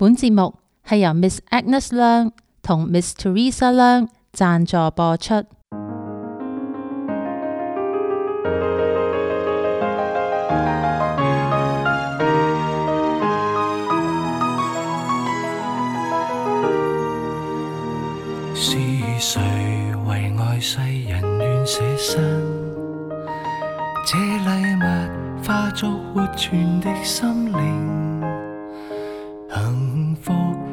本節目係由 Miss Agnes 梁同 Miss Teresa 梁贊助播出。是誰為愛世人願捨身？這禮物化作活存的心靈。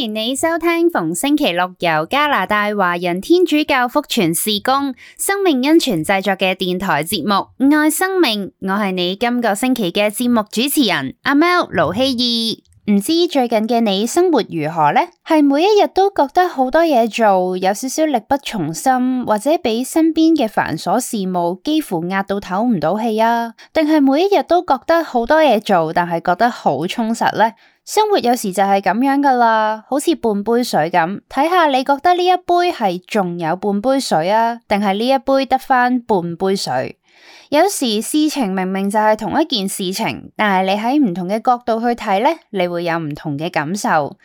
歡迎你收聽逢星期六由加拿大華人天主教福傳事工生命恩泉製作嘅電台節目《愛生命》，我係你今個星期嘅節目主持人阿 Mel 盧希義。唔知最近嘅你生活如何呢？係每一日都覺得好多嘢，做有少少力不從心，或者俾身邊嘅繁瑣事務幾乎壓到唞唔到氣啊？定係每一日都覺得好多嘢做，但係覺得好充實呢？生活有時就係咁樣噶啦，好似半杯水咁，睇下你覺得呢一杯係仲有半杯水啊，定係呢一杯得返半杯水？有時事情明明就係同一件事情，但係你喺唔同嘅角度去睇呢，你會有唔同嘅感受。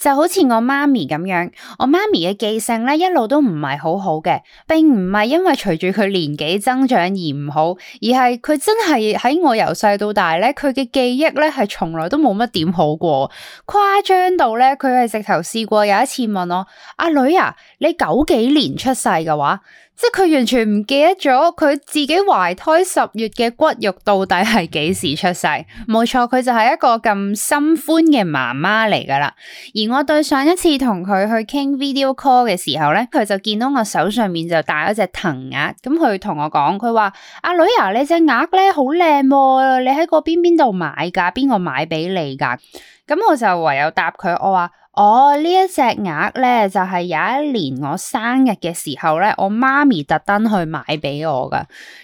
就好似我媽咪咁樣，我媽咪嘅記性呢一路都唔係好好嘅，並唔係因爲隨住佢年紀增長而唔好，而係佢真係喺我由細到大呢，佢嘅記憶呢係從來都冇乜點好過，誇張到呢，佢係直頭試過有一次問我，阿女啊，你九幾年出世嘅話，即係佢完全唔記得咗佢自己懷胎開十月嘅骨肉到底係幾時出世？冇錯，佢就係一個咁心歡嘅媽媽嚟噶啦。而我對上一次同佢去傾 video call 嘅時候咧，佢就見到我手上面就戴咗隻藤鴨，咁佢同我講，佢話阿女呀，你隻鴨咧好靚，你喺嗰邊邊度買噶？邊個買俾你噶？咁我就唯有答佢，我話。哦，一隻呢一隻鴨咧，就係、是、有一年我生日嘅時候咧，我媽咪特登去買畀我噶。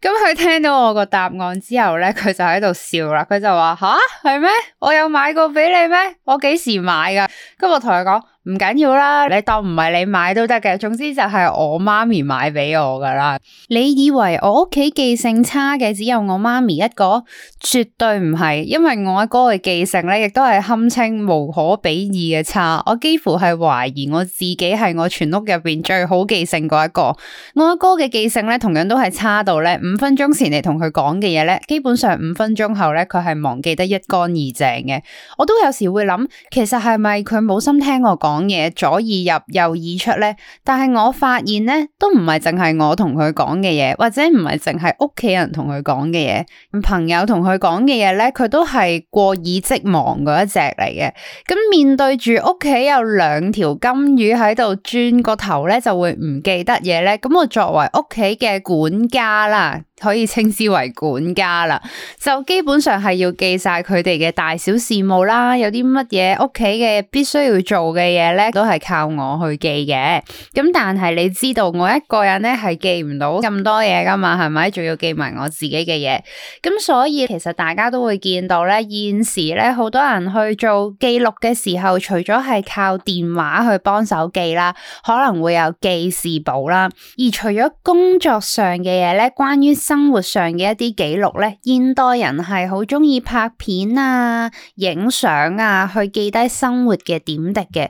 咁、嗯、佢聽到我個答案之後咧，佢就喺度笑啦。佢就話：吓？係咩？我有買過俾你咩？我幾時買噶？咁、嗯嗯嗯嗯、我同佢講。唔緊要啦，你當唔係你買都得嘅，總之就係我媽咪買俾我噶啦。你以為我屋企記性差嘅只有我媽咪一個，絕對唔係，因為我阿哥嘅記性咧，亦都係堪稱無可比擬嘅差。我幾乎係懷疑我自己係我全屋入邊最好記性嗰一個。我阿哥嘅記性咧，同樣都係差到咧，五分鐘前嚟同佢講嘅嘢咧，基本上五分鐘後咧，佢係忘記得一乾二淨嘅。我都有時會諗，其實係咪佢冇心聽我講？講嘢左耳入右耳出咧，但係我發現咧，都唔係淨係我同佢講嘅嘢，或者唔係淨係屋企人同佢講嘅嘢，朋友同佢講嘅嘢咧，佢都係過耳即忘嗰一隻嚟嘅。咁面對住屋企有兩條金魚喺度，轉個頭咧就會唔記得嘢咧。咁我作爲屋企嘅管家啦。可以稱之為管家啦，就基本上係要記晒佢哋嘅大小事務啦。有啲乜嘢屋企嘅必須要做嘅嘢咧，都係靠我去記嘅。咁但係你知道我一個人咧係記唔到咁多嘢噶嘛，係咪？仲要記埋我自己嘅嘢。咁所以其實大家都會見到咧，現時咧好多人去做記錄嘅時候，除咗係靠電話去幫手記啦，可能會有記事簿啦。而除咗工作上嘅嘢咧，關於生活上嘅一啲記錄呢，現代人係好中意拍片啊、影相啊，去記低生活嘅點滴嘅。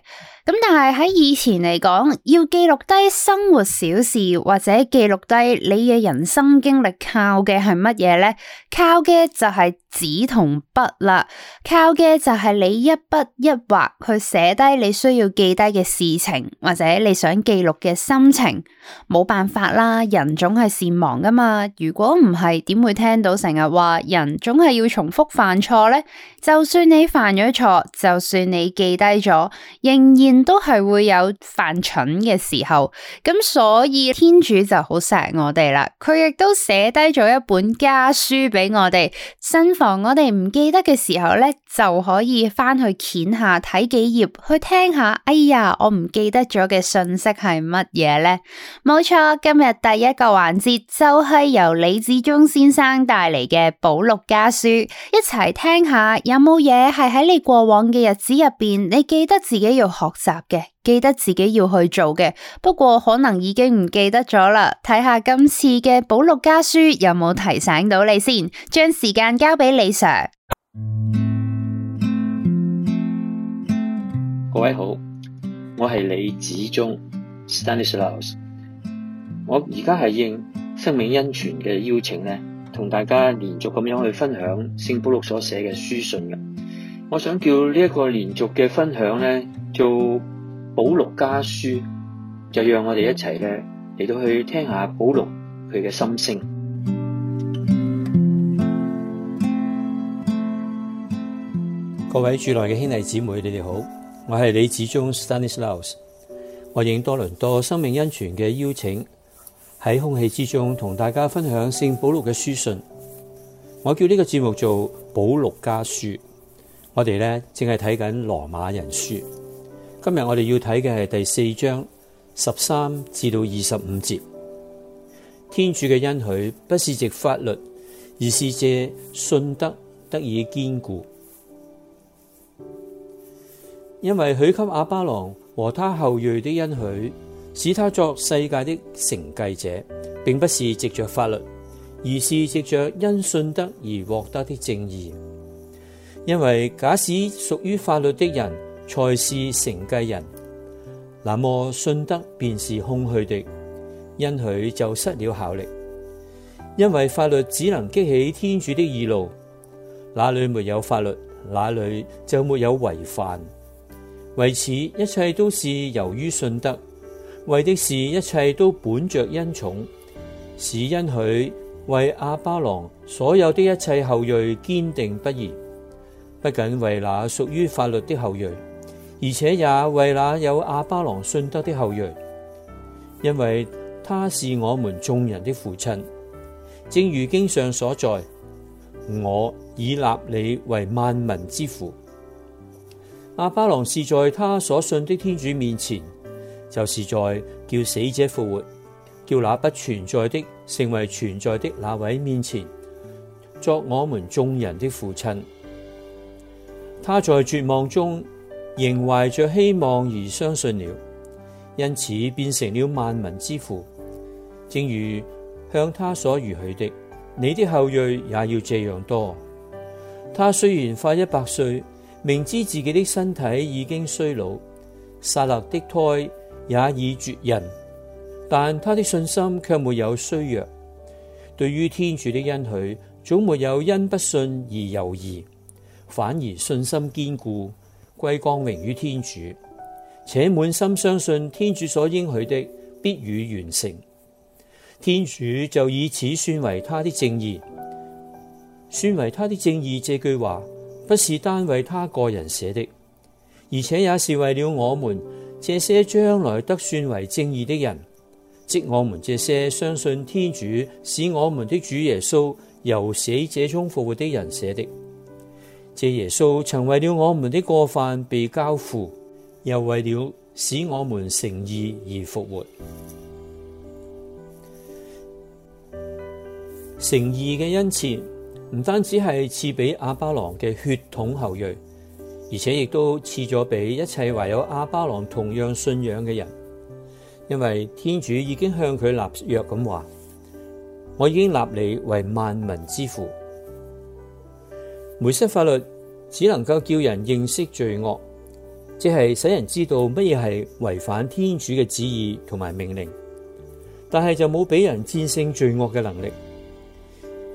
咁但係喺以前嚟講，要記錄低生活小事或者記錄低你嘅人生經歷，靠嘅係乜嘢呢？靠嘅就係紙同筆啦，靠嘅就係你一筆一畫去寫低你需要記低嘅事情或者你想記錄嘅心情。冇辦法啦，人總係善忘噶嘛。如果唔係，點會聽到成日話人總係要重複犯錯呢？就算你犯咗錯，就算你記低咗，仍然都係會有犯蠢嘅時候，咁所以天主就好錫我哋啦。佢亦都寫低咗一本家書俾我哋，慎防我哋唔記得嘅時候呢，就可以翻去掀下睇幾頁，去聽下。哎呀，我唔記得咗嘅信息係乜嘢呢？冇錯，今日第一個環節就係由李子忠先生帶嚟嘅《保祿家書》，一齊聽一下有冇嘢係喺你過往嘅日子入邊，你記得自己要學。集嘅記得自己要去做嘅，不過可能已經唔記得咗啦。睇下今次嘅保祿家書有冇提醒到你先。將時間交俾李 Sir。各位好，我係李子忠 Stanislaus。我而家係應生命恩泉嘅邀請咧，同大家連續咁樣去分享聖保祿所寫嘅書信嘅。我想叫呢一個連續嘅分享咧。做保祿家書，就讓我哋一齊咧嚟到去聽下保祿佢嘅心聲。各位主內嘅兄弟姊妹，你哋好，我係李子忠 Stanislaus，我應多倫多生命恩泉嘅邀請，喺空氣之中同大家分享聖保祿嘅書信。我叫呢個節目做保祿家書。我哋咧淨係睇緊《羅馬人書》。今日我哋要睇嘅係第四章十三至到二十五節。天主嘅恩許不是藉法律，而是藉信德得以堅固。因為許給亞巴郎和他後裔的恩許，使他作世界的承繼者，並不是藉着法律，而是藉着因信德而獲得的正義。因為假使屬於法律的人，才是承繼人，那麼信德便是空虛的，因許就失了效力。因為法律只能激起天主的義怒，哪裏沒有法律，哪裏就沒有違犯。為此，一切都是由於信德，為的是一切都本着恩寵，使因許為亞巴郎所有的一切後裔堅定不移，不僅為那屬於法律的後裔。而且也為那有阿巴郎信德的後裔，因為他是我們眾人的父親，正如經上所在，我以立你為萬民之父。阿巴郎是在他所信的天主面前，就是在叫死者復活、叫那不存在的成為存在的那位面前，作我們眾人的父親。他在絕望中。仍懷着希望而相信了，因此變成了萬民之父。正如向他所如許的，你的後裔也要這樣多。他雖然快一百歲，明知自己的身體已經衰老，撒勒的胎也已絕人，但他的信心卻沒有衰弱。對於天主的恩許，總沒有因不信而猶疑，反而信心堅固。歸光榮於天主，且滿心相信天主所應許的必予完成。天主就以此算為他的正義，算為他的正義。這句話不是單為他個人寫的，而且也是為了我們這些將來得算為正義的人，即我們這些相信天主使我們的主耶穌由死者中復活的人寫的。借耶穌曾為了我們的過犯被交付，又為了使我們成義而復活。成義嘅恩賜唔單止係賜俾阿巴郎嘅血統後裔，而且亦都賜咗俾一切懷有阿巴郎同樣信仰嘅人，因為天主已經向佢立約咁話：我已經立你為萬民之父。梅瑟法律只能夠叫人認識罪惡，即係使人知道乜嘢係違反天主嘅旨意同埋命令，但係就冇俾人戰勝罪惡嘅能力。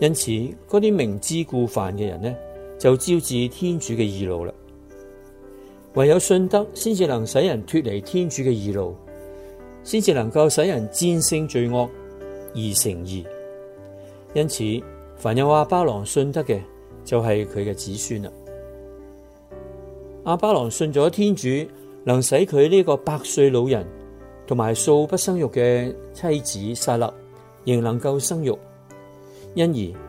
因此，嗰啲明知故犯嘅人呢，就招致天主嘅義怒啦。唯有信德，先至能使人脫離天主嘅義怒，先至能夠使人戰勝罪惡而成義。因此，凡有阿巴郎信德嘅，就係佢嘅子孫啦。阿巴郎信咗天主，能使佢呢個百歲老人同埋素不生育嘅妻子薩勒仍能夠生育。因而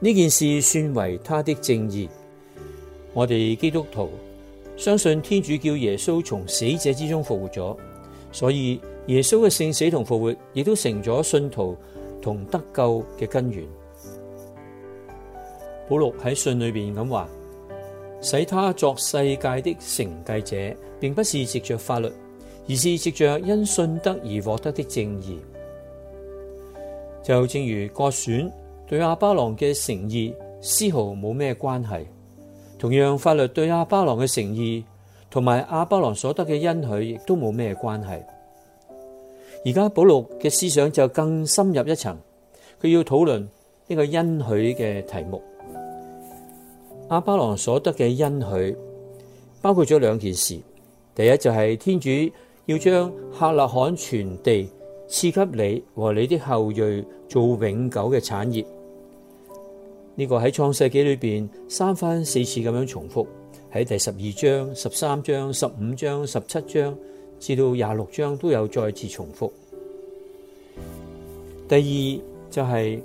呢件事算為他的正義。我哋基督徒相信天主叫耶穌從死者之中復活咗，所以耶穌嘅聖死同復活，亦都成咗信徒同得救嘅根源。保祿喺信裏邊咁話，使他作世界的承繼者，並不是藉着法律，而是藉着因信德而獲得的正義。就正如割選對亞巴郎嘅誠意絲毫冇咩關係，同樣法律對亞巴郎嘅誠意同埋亞巴郎所得嘅恩許亦都冇咩關係。而家保祿嘅思想就更深入一層，佢要討論呢個恩許嘅題目。亞巴郎所得嘅恩許包括咗兩件事，第一就係天主要將客納罕全地賜給你和你的後裔做永久嘅產業。呢、這個喺創世紀裏邊三番四次咁樣重複，喺第十二章、十三章、十五章、十七章至到廿六章都有再次重複。第二就係、是。